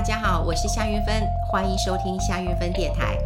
大家好，我是夏韻芬，歡迎收聽夏韻芬電台。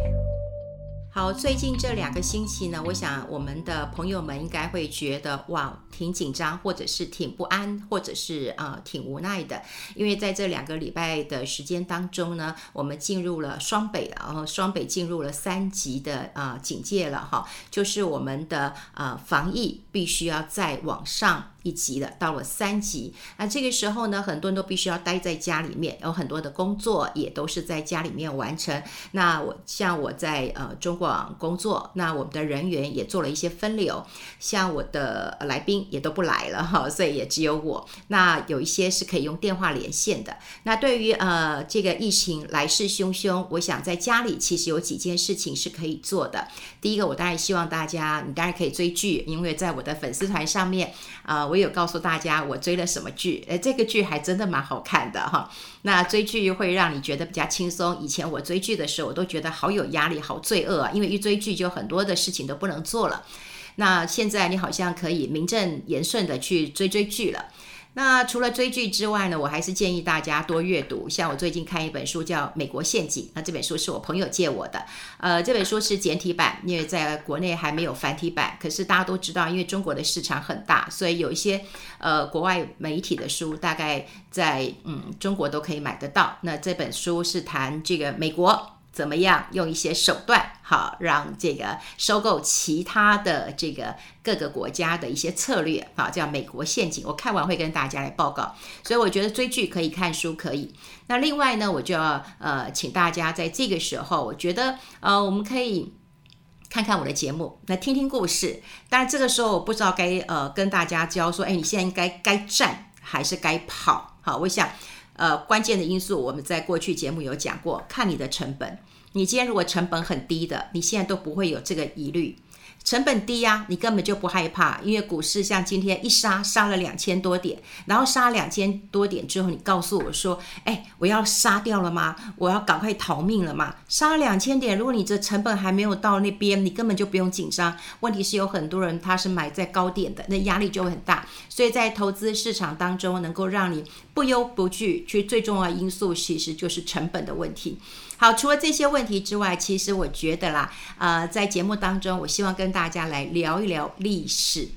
好，最近這兩個星期呢，我想我們的朋友們應該會覺得哇，挺緊張，或者是挺不安，或者是啊、呃、挺無奈的，因為在這兩個禮拜的時間當中呢，我們進入了雙北，然後雙北進入了三級的啊、呃、警戒了哈、哦，就是我們的啊、呃、防疫必須要再往上。一級的到了三級，那這個時候呢，很多人都必須要待在家裡面，有很多的工作也都是在家裡面完成。那我像我在呃中廣工作，那我們的人員也做了一些分流，像我的來賓也都不來了哈，所以也只有我。那有一些是可以用電話連線的。那對於呃這個疫情來勢洶洶，我想在家裡其實有幾件事情是可以做的。第一個，我當然希望大家，你當然可以追劇，因為在我的粉絲團上面啊我。呃我有告訴大家我追了什麼劇，哎，這個劇還真的蠻好看的哈。那追劇會讓你覺得比較輕鬆。以前我追劇的時候，我都覺得好有壓力，好罪惡啊，因為一追劇就很多的事情都不能做了。那現在你好像可以名正言順的去追追劇了。那除了追劇之外呢，我還是建議大家多閱讀。像我最近看一本書，叫《美國陷阱》。那這本書是我朋友借我的，呃，這本書是簡體版，因為在國內還沒有繁體版。可是大家都知道，因為中國的市場很大，所以有一些呃國外媒體的書，大概在嗯中國都可以買得到。那這本書是談這個美國。怎麼樣用一些手段，好讓這個收購其他的這個各個國家的一些策略，好叫美國陷阱？我看完會跟大家來報告。所以我覺得追劇可以，看書可以。那另外呢，我就要呃請大家在這個時候，我覺得呃我們可以看看我的節目，來聽聽故事。但這個時候我不知道該呃跟大家教說，誒，你現在應該該站還是該跑？好，我想。呃，關鍵的因素我們在過去節目有講過，看你的成本。你今天如果成本很低的，你現在都不會有這個疑慮。成本低呀，你根本就不害怕，因為股市像今天一殺殺了兩千多點，然後殺兩千多點之後，你告訴我說，哎，我要殺掉了嗎？我要趕快逃命了嗎？殺了兩千點，如果你這成本還沒有到那邊，你根本就不用緊張。問題是有很多人他是買在高點的，那壓力就會很大。所以在投資市場當中，能夠讓你不憂不懼，其實最重要的因素其實就是成本的問題。好，除了這些問題之外，其實我覺得啦，呃，在節目當中，我希望跟大家來聊一聊歷史。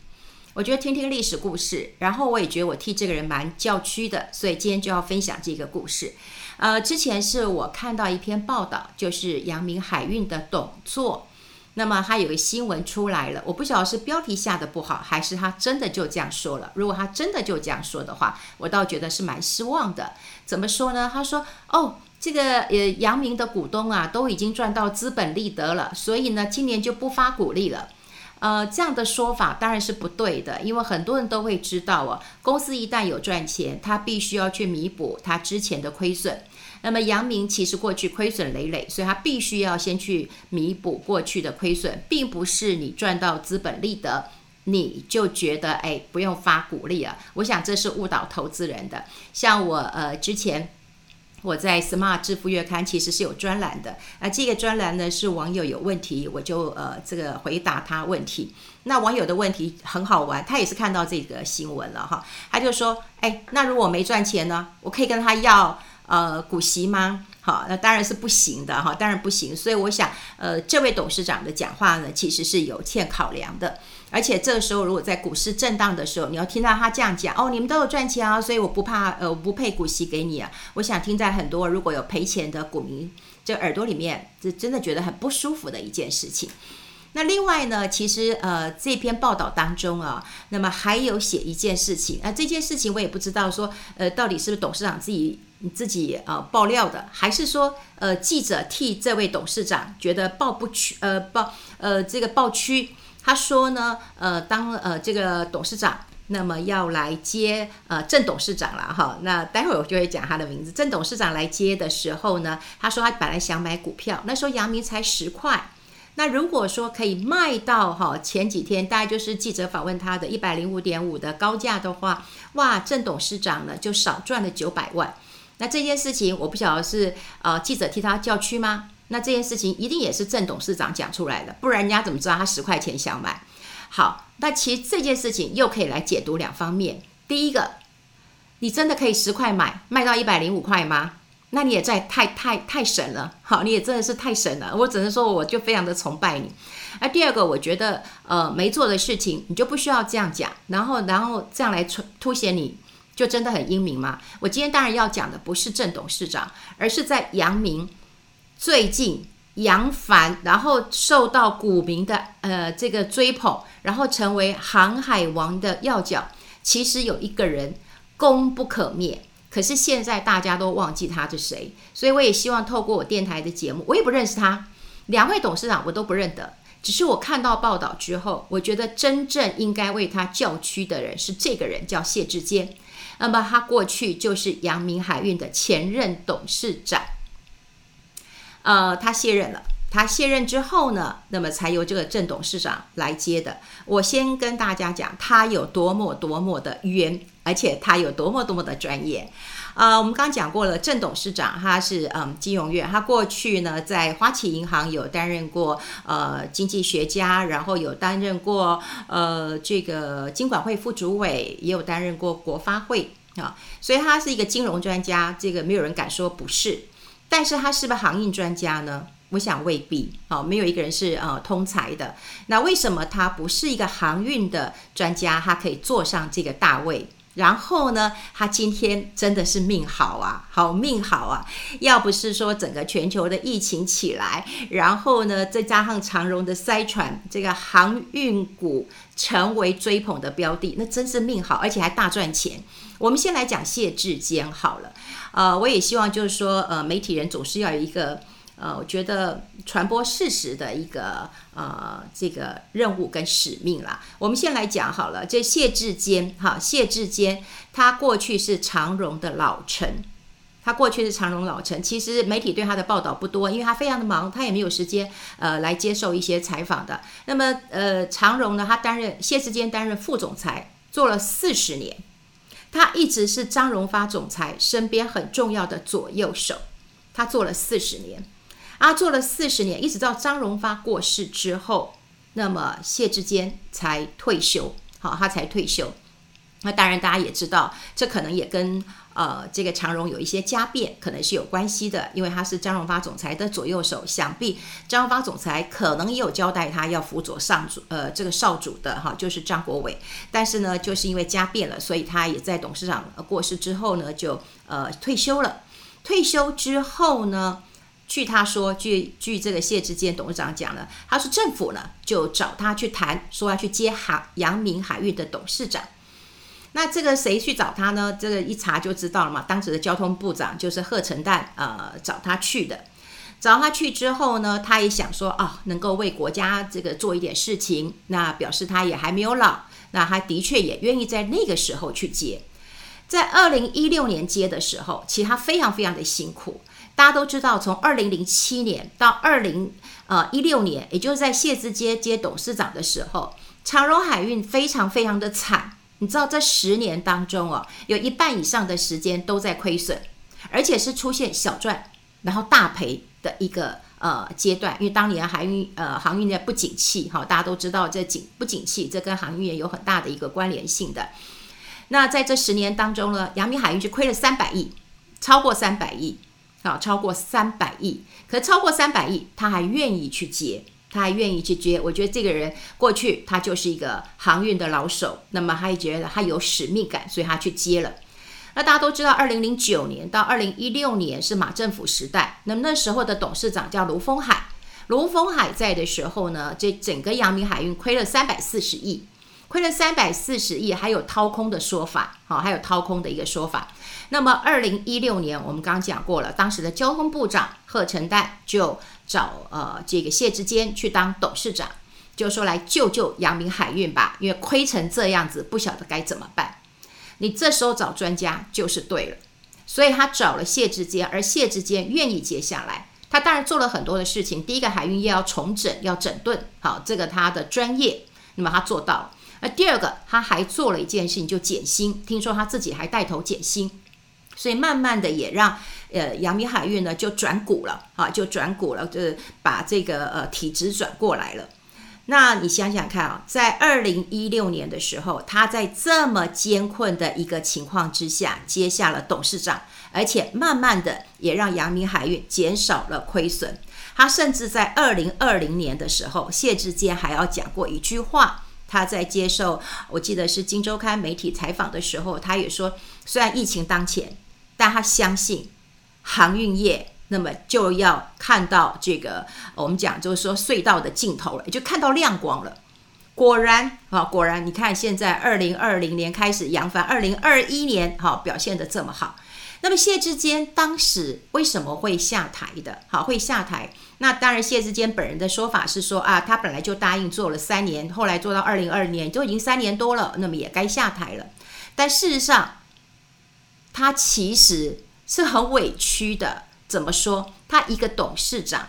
我覺得聽聽歷史故事，然後我也覺得我替這個人蠻叫屈的，所以今天就要分享這個故事。呃，之前是我看到一篇報道，就是陽明海運的董座，那麼他有一個新聞出來了，我不曉得是標題下得不好，還是他真的就這樣說了。如果他真的就這樣說的話，我倒覺得是蠻失望的。怎麼說呢？他說：“哦。”這個呃，陽明的股東啊，都已經賺到資本利得了，所以呢，今年就不發股利了。呃，這樣的說法當然是不對的，因為很多人都會知道哦、啊，公司一旦有賺錢，他必須要去彌補他之前的虧損。那麼，陽明其實過去虧損累累，所以他必須要先去彌補過去的虧損，並不是你賺到資本利得，你就覺得哎不用發股利了。我想這是誤導投資人的。像我呃之前。我在《Smart 智富月刊》其實是有專欄的，那這個專欄呢是網友有問題，我就呃這個回答他問題。那網友的問題很好玩，他也是看到這個新聞了哈，他就說：“哎，那如果沒賺錢呢，我可以跟他要呃股息嗎？”好、哦，那當然是不行的哈，當然不行。所以我想，呃，這位董事長的講話呢，其實是有欠考量的。而且這個時候，如果在股市震盪的時候，你要聽到他這樣講哦，你們都有賺錢啊，所以我不怕，呃，我不配股息給你啊。我想聽在很多如果有賠錢的股民這耳朵裡面，是真的覺得很不舒服的一件事情。那另外呢，其實呃這篇報道當中啊，那麼還有寫一件事情啊，呃，這件事情我也不知道說，呃，到底是不是董事長自己自己啊，呃，爆料的，還是說呃記者替這位董事長覺得報不屈，呃報呃這個報屈。他說呢，呃，當呃這個董事長，那麼要來接呃鄭董事長了哈。那待會兒我就會講他的名字。鄭董事長來接的時候呢，他說他本來想買股票，那時候陽明才十塊。那如果說可以賣到哈前幾天大概就是記者訪問他的一百零五點五的高價的話，哇，鄭董事長呢就少賺了九百萬。那這件事情我不曉得是啊、呃、記者替他叫屈嗎？那這件事情一定也是鄭董事長講出來的，不然人家怎麼知道他十塊錢想買？好，那其實這件事情又可以來解讀兩方面。第一個，你真的可以十塊買，賣到一百零五塊嗎？那你也在太太太神了，好，你也真的是太神了。我只能說，我就非常的崇拜你。而，第二個，我覺得呃沒做的事情，你就不需要這樣講，然後然後這樣來凸，凸顯你，就真的很英明嗎？我今天當然要講的不是鄭董事長，而是在陽明。最近陽明，然後受到股民的呃這個追捧，然後成為航海王的要角。其實有一個人功不可沒，可是現在大家都忘記他是誰。所以我也希望透過我電台的節目，我也不認識他，兩位董事長我都不認得。只是我看到報道之後，我覺得真正應該為他叫屈的人是這個人，叫謝志堅。那麼他過去就是陽明海運的前任董事長。呃，他卸任了。他卸任之後呢，那麼才由這個鄭董事長來接的。我先跟大家講，他有多麼多麼的冤，而且他有多麼多麼的專業。呃，我們剛講過了，鄭董事長他是嗯金融院，他過去呢在花旗銀行有擔任過呃經濟學家，然後有擔任過呃這個金管會副主委，也有擔任過國發會啊，所以他是一個金融專家，這個沒有人敢說不是。但是他是不是航運專家呢？我想未必。好、哦，沒有一個人是呃通才的。那為什麼他不是一個航運的專家，他可以坐上這個大位？然後呢，他今天真的是命好啊，好命好啊！要不是說整個全球的疫情起來，然後呢，再加上長榮的塞船，這個航運股成為追捧的標的，那真是命好，而且還大賺錢。我們先來講謝志堅好了。啊、呃，我也希望就是說，呃，媒體人總是要有一個，呃，我覺得傳播事實的一個，呃，這個任務跟使命啦。我們先來講好了，這謝志堅，哈，謝志堅，他過去是長榮的老臣，他過去是長榮老臣。其實媒體對他的報道不多，因為他非常的忙，他也沒有時間，呃，來接受一些採訪的。那麼，呃，長榮呢，他擔任，謝志堅擔任副總裁，做了四十年。他一直是張榮發總裁身邊很重要的左右手，他做了四十年，啊，做了四十年，一直到張榮發過世之後，那麼謝志堅才退休，好，他才退休。那當然，大家也知道，這可能也跟呃這個長榮有一些家變，可能是有關係的，因為他是張榮發總裁的左右手，想必張榮發總裁可能也有交代他要輔佐上主，呃，這個少主的哈，就是張國偉。但是呢，就是因為家變了，所以他也在董事長過世之後呢，就呃退休了。退休之後呢，據他說，據據這個謝志堅董事長講了，他說政府呢就找他去談，說要去接哈陽明海運的董事長。那這個誰去找他呢？這個一查就知道了嘛。當時的交通部長就是賀陳旦，呃，找他去的。找他去之後呢，他也想說，哦，能夠為國家這個做一點事情，那表示他也還沒有老。那他的確也願意在那個時候去接。在二零一六年接的時候，其實他非常非常的辛苦。大家都知道，從二零零七年到二零呃一六年，也就是在謝志堅接董事長的時候，長榮海運非常非常的慘。你知道，這十年當中哦，有一半以上的時間都在虧損，而且是出現小賺然後大賠的一個呃階段。因為當年海運、呃、航運呃航運在不景氣，哈、哦，大家都知道這景不景氣，這跟航運也有很大的一個關聯性的。那在這十年當中呢，陽明海運就虧了三百億，超過三百億，啊、哦，超過三百億，可超過三百億，他還願意去接。他還願意去接，我覺得這個人過去他就是一個航運的老手，那麼他也覺得他有使命感，所以他去接了。那大家都知道，二零零九年到二零一六年是馬政府時代，那麼那時候的董事長叫盧峰海，盧峰海在的時候呢，這整個陽明海運虧了三百四十億，虧了三百四十億，還有掏空的說法，好，還有掏空的一個說法。那麼二零一六年我們剛講過了，當時的交通部長賀陳旦就。找呃，這個謝志堅去當董事長，就是說來救救陽明海運吧，因為虧成這樣子，不曉得該怎麼辦。你這時候找專家就是對了，所以他找了謝志堅，而謝志堅願意接下來，他當然做了很多的事情。第一個，海運要重整，要整頓，好，這個他的專業，那麼他做到了。那第二個，他還做了一件事情，就減薪，聽說他自己還帶頭減薪，所以慢慢的也讓。呃，陽明海運呢就轉股了啊，就轉股了，就是把這個呃體質轉過來了。那你想想看啊，在二零一六年的時候，他在這麼艱困的一個情況之下接下了董事長，而且慢慢的也讓陽明海運減少了虧損。他甚至在二零二零年的時候，謝志堅還要講過一句話，他在接受我記得是今周刊媒體採訪的時候，他也說，雖然疫情當前，但他相信。航運業，那麼就要看到這個，我們講就是說隧道的盡頭了，也就看到亮光了。果然啊，果然，你看現在二零二零年開始揚帆，二零二一年哈、哦、表現得這麼好。那麼謝志堅當時為什麼會下台的？好，會下台。那當然，謝志堅本人的說法是說啊，他本來就答應做了三年，後來做到二零二二年都已經三年多了，那麼也該下台了。但事實上，他其實。是很委屈的。怎麼說？他一個董事長，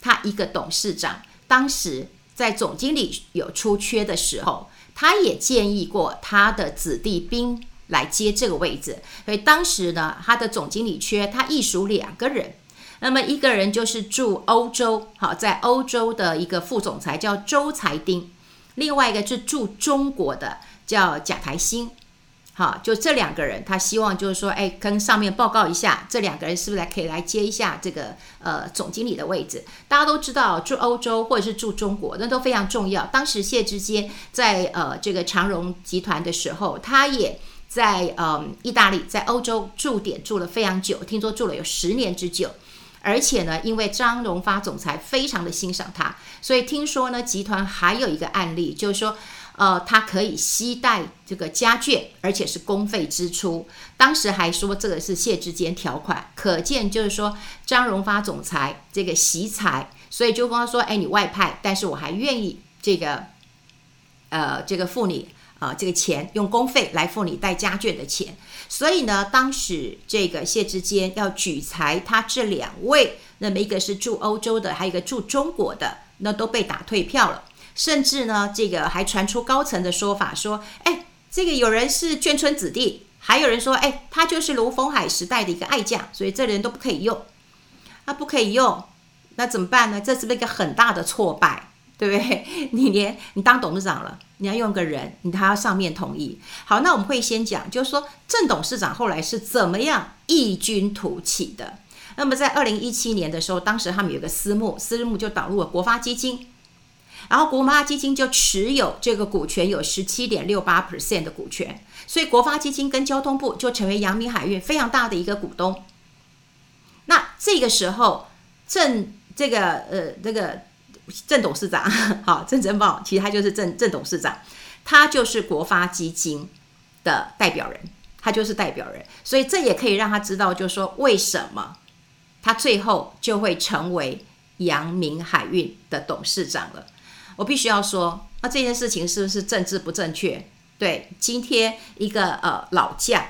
他一個董事長，當時在總經理有出缺的時候，他也建議過他的子弟兵來接這個位置。所以當時呢，他的總經理缺，他一屬兩個人。那麼一個人就是駐歐洲，好，在歐洲的一個副總裁叫周才丁，另外一個是駐中國的叫賈台新。好，就這兩個人，他希望就是說，誒，跟上面報告一下，這兩個人是不是來可以來接一下這個呃總經理的位置？大家都知道，駐歐洲或者是駐中國，那都非常重要。當時謝志堅在呃這個長榮集團的時候，他也在嗯、呃、意大利，在歐洲駐點住了非常久，聽說住了有十年之久。而且呢，因為張榮發總裁非常的欣賞他，所以聽說呢，集團還有一個案例，就是說，呃，他可以攜帶這個家眷，而且是公費支出。當時還說這個是謝志堅條款，可見就是說張榮發總裁這個惜財，所以就光說哎、欸、你外派，但是我還願意這個呃這個付你啊、呃、這個錢，用公費來付你帶家眷的錢。所以呢，當時這個謝志堅要舉才，他這兩位，那麼一個是駐歐洲的，還有一個駐中國的，那都被打退票了。甚至呢，這個還傳出高層的說法，說，哎，這個有人是眷村子弟，還有人說，哎，他就是盧峰海時代的一個愛將，所以這人都不可以用，他不可以用，那怎麼辦呢？這是不是一個很大的挫敗，對不對？你連你當董事長了，你要用個人，你還要上面同意。好，那我們會先講，就是說鄭董事長後來是怎麼樣異軍突起的。那麼在二零一七年的時候，當時他們有個私募，私募就導入了國發基金。然後國發基金就持有這個股權有十七點六八 percent 的股權，所以國發基金跟交通部就成為陽明海運非常大的一個股東。那這個時候鄭這個呃這個鄭董事長，好鄭貞茂，其實他就是鄭鄭董事長，他就是國發基金的代表人，他就是代表人，所以這也可以讓他知道，就是說為什麼他最後就會成為陽明海運的董事長了。我必須要說，那這件事情是不是政治不正確？對，今天一個呃老將，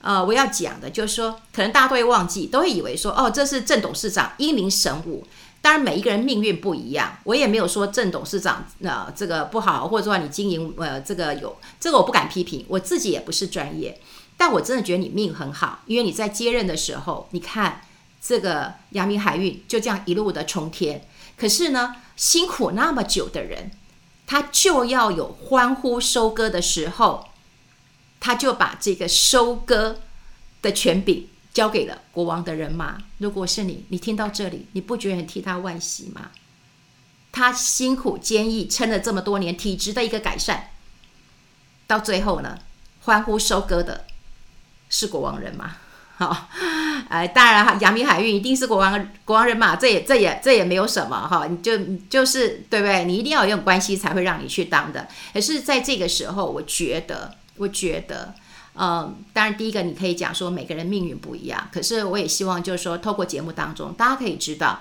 呃，我要講的就是說，可能大家都會忘記，都會以為說，哦，這是鄭董事長英明神武。當然，每一個人命運不一樣，我也沒有說鄭董事長呃這個不好，或者說你經營呃這個有這個我不敢批評，我自己也不是專業，但我真的覺得你命很好，因為你在接任的時候，你看這個陽明海運就這樣一路的衝天。可是呢，辛苦那麼久的人，他就要有歡呼收割的時候，他就把這個收割的權柄交給了國王的人馬。如果是你，你聽到這裡，你不覺得很替他惋惜嗎？他辛苦堅毅撐了這麼多年，體質的一個改善，到最後呢，歡呼收割的是國王人馬。好。呃、哎，當然哈、啊，陽明海運一定是國王國王人馬，這也這也這也沒有什麼哈，你就就是對不對？你一定要有這種關係才會讓你去當的。也是在這個時候，我覺得，我覺得，嗯，當然第一個你可以講說每個人命運不一樣，可是我也希望就是說，透過節目當中，大家可以知道，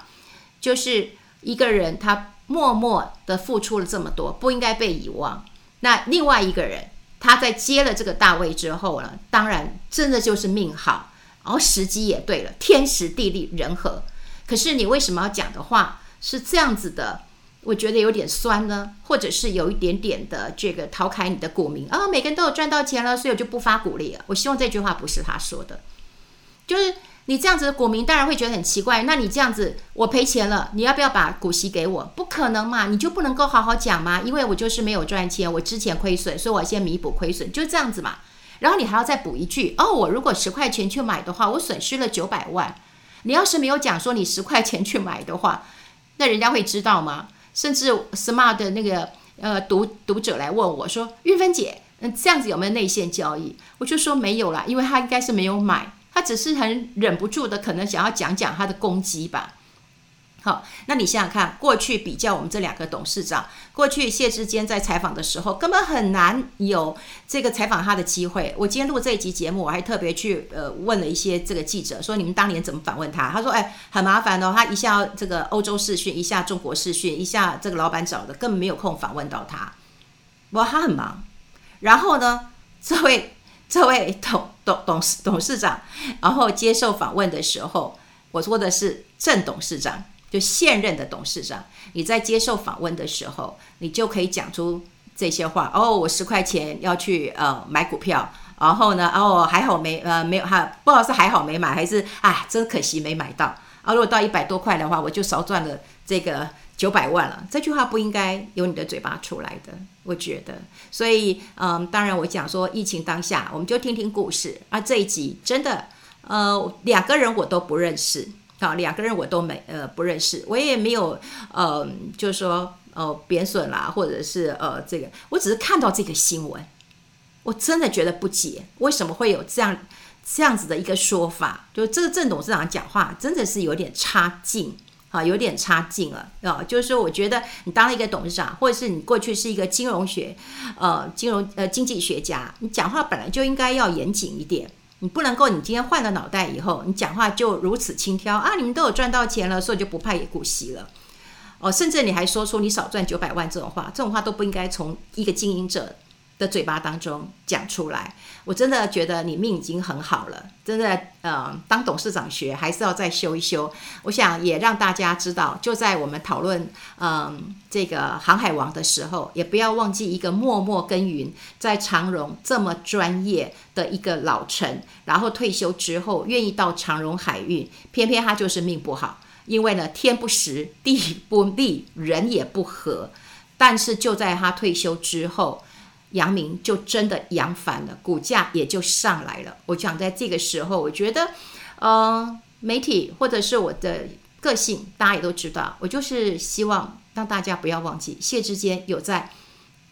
就是一個人他默默的付出了這麼多，不應該被遺忘。那另外一個人他在接了這個大位之後呢，當然真的就是命好。然、哦、後時機也對了，天時地利人和。可是你為什麼要講的話是這樣子的？我覺得有點酸呢，或者是有一點點的這個調侃你的股民啊、哦，每個人都有賺到錢了，所以我就不發股利了。我希望這句話不是他說的，就是你這樣子的股民當然會覺得很奇怪。那你這樣子，我賠錢了，你要不要把股息給我？不可能嘛，你就不能夠好好講嘛？因為我就是沒有賺錢，我之前虧損，所以我先彌補虧損，就這樣子嘛。然後你還要再補一句哦，我如果十塊錢去買的話，我損失了九百萬。你要是沒有講說你十塊錢去買的話，那人家會知道嗎？甚至 smart 的那個呃讀讀者來問我說，韻芬姐，嗯，這樣子有沒有內線交易？我就說沒有啦，因為他應該是沒有買，他只是很忍不住的可能想要講講他的攻擊吧。好，那你想想看，過去比較我們這兩個董事長，過去謝志堅在採訪的時候，根本很難有這個採訪他的機會。我今天錄這一集節目，我還特別去呃問了一些這個記者，說你們當年怎麼訪問他？他說：“哎、欸，很麻煩哦。”他一下這個歐洲視訊，一下中國視訊，一下這個老板找的，根本沒有空訪問到他。不過他很忙。然後呢，這位這位董董董事董事長，然後接受訪問的時候，我說的是鄭董事長。就現任的董事長，你在接受訪問的時候，你就可以講出這些話。哦，我十塊錢要去呃買股票，然後呢，哦還好沒呃沒有哈，不知道是還好沒買還是啊真可惜沒買到啊。如果到一百多塊的話，我就少賺了這個九百萬了。這句話不應該由你的嘴巴出來的，我覺得。所以嗯、呃，當然我講說疫情當下，我們就聽聽故事。而、啊、這一集真的呃兩個人我都不認識。啊，兩個人我都沒呃不認識，我也沒有呃，就是說呃貶損啦，或者是呃這個，我只是看到這個新聞，我真的覺得不解，為什麼會有這樣這樣子的一個說法？就這個鄭董事長講話真的是有點差勁啊，有點差勁了啊！就是說，我覺得你當了一個董事長，或者是你過去是一個金融學呃金融呃經濟學家，你講話本來就應該要嚴謹一點。你不能夠，你今天換了腦袋以後，你講話就如此輕佻啊！你們都有賺到錢了，所以就不怕股息了，哦，甚至你還說出你少賺九百萬這種話，這種話都不應該從一個經營者。嘴巴當中講出來，我真的覺得你命已經很好了。真的，嗯，當董事長學還是要再修一修。我想也讓大家知道，就在我們討論，嗯，這個航海王的時候，也不要忘記一個默默耕耘在長榮這麼專業的一個老臣。然後退休之後，願意到長榮海運，偏偏他就是命不好，因為呢，天不時，地不利，人也不和。但是就在他退休之後。陽明就真的揚帆了，股價也就上來了。我想在這個時候，我覺得，嗯、呃，媒體或者是我的個性，大家也都知道，我就是希望讓大家不要忘記謝志堅有在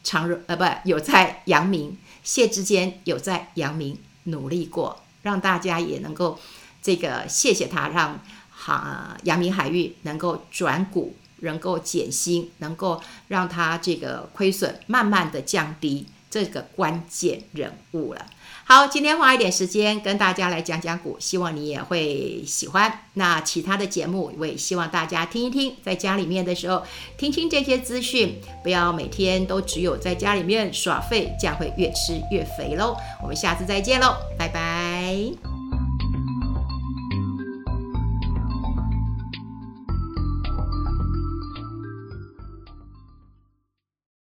長，呃，不，有在陽明。謝志堅有在陽明努力過，讓大家也能夠這個謝謝他，讓海陽明海運能夠轉股。能夠減薪，能夠讓它這個虧損慢慢的降低，這個關鍵人物了。好，今天花一點時間跟大家來講講股，希望你也會喜歡。那其他的節目，我也希望大家聽一聽，在家裡面的時候聽聽這些資訊，不要每天都只有在家裡面耍廢，這樣會越吃越肥嘍。我們下次再見嘍，拜拜。